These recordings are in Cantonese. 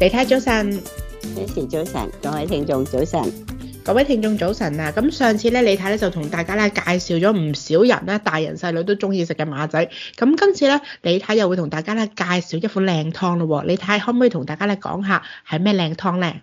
李太早晨，主持早晨，各位聽眾早晨，各位聽眾早晨啊！咁上次咧，李太咧就同大家咧介紹咗唔少人咧，大人細女都中意食嘅馬仔。咁今次咧，李太又會同大家咧介紹一款靚湯咯。李太可唔可以同大家咧講下係咩靚湯咧？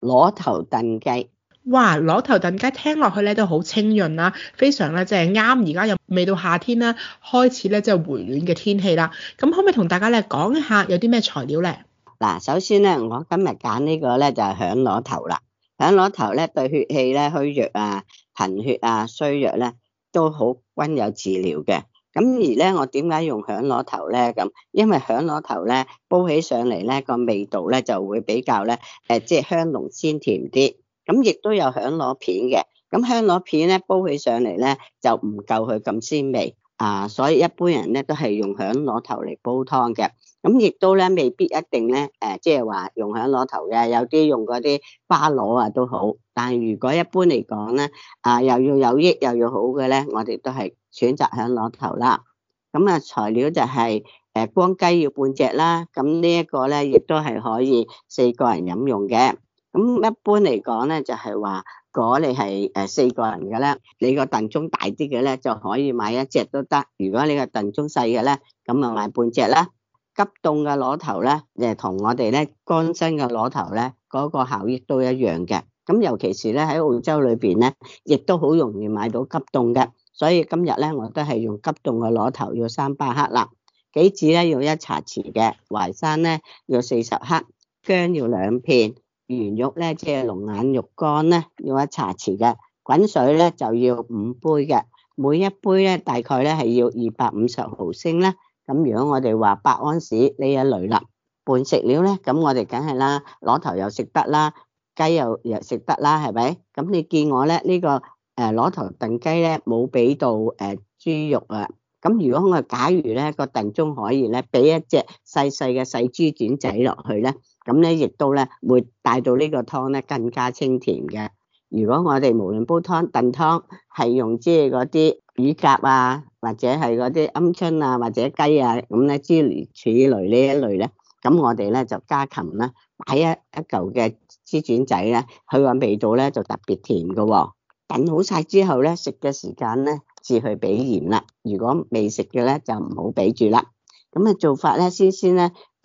螺頭燉雞。哇！螺頭燉雞聽落去咧都好清潤啦，非常呢，即係啱。而家又未到夏天啦，開始咧即係回暖嘅天氣啦。咁可唔可以同大家咧講一下有啲咩材料咧？嗱，首先咧，我今日揀呢個咧就係響螺頭啦。響螺頭咧對血氣咧虛弱啊、貧血啊、衰弱咧都好均有治療嘅。咁而咧我點解用響螺頭咧咁？因為響螺頭咧煲起上嚟咧，個味道咧就會比較咧誒即係香濃鮮甜啲。咁亦都有響螺片嘅。咁香螺片咧煲起上嚟咧，就唔夠佢咁鮮味。啊，所以一般人咧都係用響螺頭嚟煲湯嘅，咁亦都咧未必一定咧，誒、呃，即係話用響螺頭嘅，有啲用嗰啲花螺啊都好，但係如果一般嚟講咧，啊又要有益又要好嘅咧，我哋都係選擇響螺頭啦。咁啊，材料就係、是、誒、呃，光雞要半隻啦，咁呢一個咧亦都係可以四個人飲用嘅。咁一般嚟講咧就係話。如果你係誒四個人嘅咧，你個燉盅大啲嘅咧就可以買一隻都得；如果你個燉盅細嘅咧，咁啊買半隻啦。急凍嘅螺頭咧，誒同我哋咧乾身嘅螺頭咧嗰個效益都一樣嘅。咁尤其是咧喺澳洲裏邊咧，亦都好容易買到急凍嘅。所以今日咧我都係用急凍嘅螺頭要，要三百克啦。杞子咧要一茶匙嘅，淮山咧要四十克，薑要兩片。圓肉咧，即係龍眼肉乾咧，要一茶匙嘅。滾水咧，就要五杯嘅，每一杯咧，大概咧係要二百五十毫升咧。咁如果我哋話百安士呢一類啦，半食料咧，咁我哋梗係啦，攞頭又食得啦，雞又又食得啦，係咪？咁你見我咧呢個誒攞頭燉雞咧，冇俾到誒豬肉啊。咁如果我假如咧個燉盅可以咧，俾一隻細細嘅細豬卷仔落去咧。咁咧，亦都咧會帶到呢個湯咧更加清甜嘅。如果我哋無論煲湯、燉湯，係用即係嗰啲乳鴿啊，或者係嗰啲鵪鶉啊，或者雞啊，咁咧之如此類呢一類咧，咁我哋咧就加禽啦，擺一一嚿嘅豬展仔咧，佢個味道咧就特別甜嘅喎、哦。燉好晒之後咧，食嘅時間咧至去俾鹽啦。如果未食嘅咧，就唔好俾住啦。咁啊做法咧先先咧。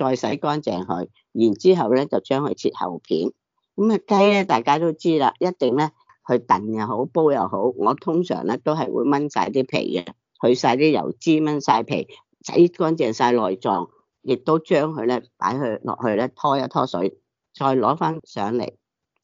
再洗乾淨佢，然之後咧就將佢切厚片。咁啊雞咧，大家都知啦，一定咧去燉又好，煲又好。我通常咧都係會燜晒啲皮嘅，去晒啲油脂，燜晒皮，洗乾淨晒內臟，亦都將佢咧擺去落去咧，拖一拖水，再攞翻上嚟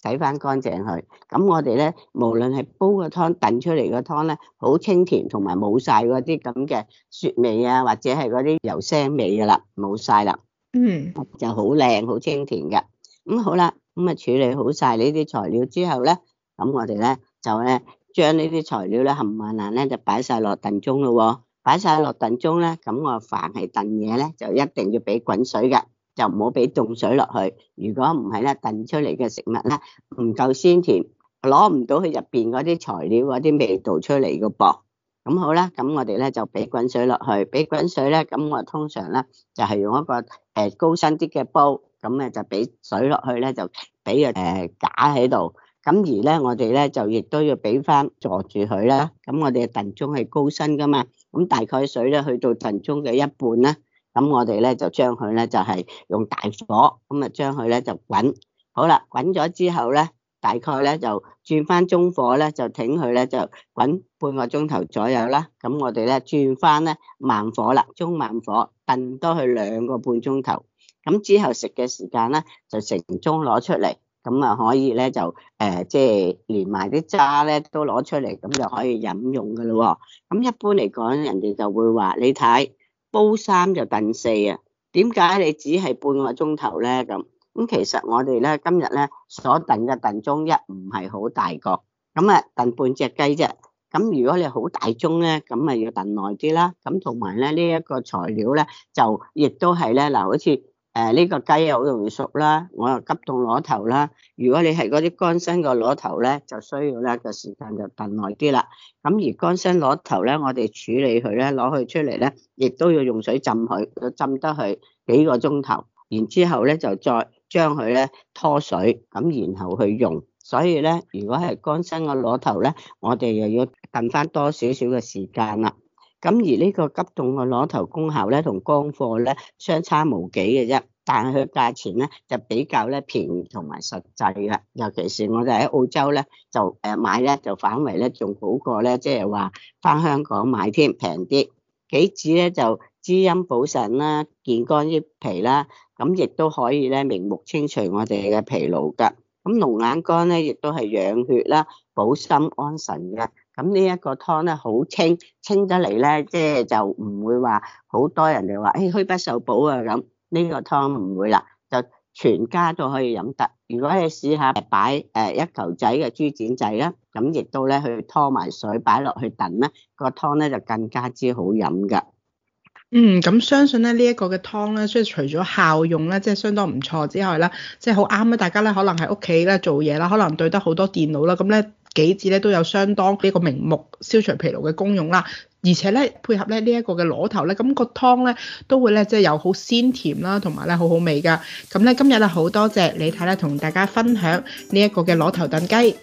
洗翻乾淨佢。咁我哋咧，無論係煲個湯、燉出嚟個湯咧，好清甜同埋冇晒嗰啲咁嘅雪味啊，或者係嗰啲油腥味噶啦，冇晒啦。嗯，mm. 就好靚，好清甜嘅。咁好啦，咁啊處理好晒呢啲材料之後咧，咁我哋咧就咧將呢啲材料咧冚唪唥咧就擺晒落燉盅咯。擺晒落燉盅咧，咁我凡係燉嘢咧，就一定要俾滾水嘅，就唔好俾凍水落去。如果唔係咧，燉出嚟嘅食物咧唔夠鮮甜，攞唔到佢入邊嗰啲材料嗰啲味道出嚟嘅噃。咁好啦，咁我哋咧就俾滾水落去，俾滾水咧，咁我通常咧就係用一個誒高身啲嘅煲，咁誒就俾水落去咧，就俾個誒架喺度，咁而咧我哋咧就亦都要俾翻坐住佢啦，咁我哋嘅燉盅係高身㗎嘛，咁大概水咧去到燉盅嘅一半啦，咁我哋咧就將佢咧就係用大火咁啊將佢咧就滾，好啦，滾咗之後咧。大概咧就轉翻中火咧，就挺佢咧就滾半個鐘頭左右啦。咁我哋咧轉翻咧慢火啦，中慢火燉多佢兩個半鐘頭。咁之後食嘅時間咧就成鐘攞出嚟，咁啊可以咧就誒即係連埋啲渣咧都攞出嚟，咁就可以飲用噶啦。咁一般嚟講，人哋就會話：你睇煲三就燉四啊，點解你只係半個鐘頭咧？咁咁其實我哋咧今日咧所燉嘅燉盅一唔係好大個，咁啊燉半隻雞啫。咁如果你好大盅咧，咁咪要燉耐啲啦。咁同埋咧呢一個材料咧就亦都係咧嗱，好似誒呢個雞又好容易熟啦，我又急凍螺頭啦。如果你係嗰啲乾身個螺頭咧，就需要咧個時間就燉耐啲啦。咁而乾身螺頭咧，我哋處理佢咧，攞佢出嚟咧，亦都要用水浸佢，浸得佢幾個鐘頭，然之後咧就再，將佢咧拖水，咁然後去用，所以咧如果係乾身嘅螺頭咧，我哋又要近翻多少少嘅時間啦。咁而呢個急凍嘅螺頭功效咧，同乾貨咧相差無幾嘅啫，但係佢價錢咧就比較咧平同埋實際嘅，尤其是我哋喺澳洲咧就誒買咧就反為咧仲好過咧即係話翻香港買添平啲，杞子咧就。滋陰補腎啦，健肝益脾啦，咁亦都可以咧明目清除我哋嘅疲勞噶。咁龍眼乾咧，亦都係養血啦，補心安神嘅。咁呢一個湯咧好清，清得嚟咧，即係就唔會話好多人哋話，誒虛不受補啊咁。呢個湯唔會啦，就全家都可以飲得。如果你試下擺誒一球仔嘅豬展仔啦，咁亦都咧去拖埋水擺落去燉啦，個湯咧就更加之好飲噶。嗯，咁相信咧呢一個嘅湯咧，即係除咗效用咧，即係相當唔錯之外啦，即係好啱咧大家咧可能喺屋企咧做嘢，啦，可能對得好多電腦啦，咁咧杞子咧都有相當呢個明目、消除疲勞嘅功用啦。而且咧配合咧呢一個嘅螺頭咧，咁個湯咧都會咧即係又好鮮甜啦，同埋咧好好味噶。咁咧今日呢好多謝李太咧同大家分享呢一個嘅螺頭燉雞。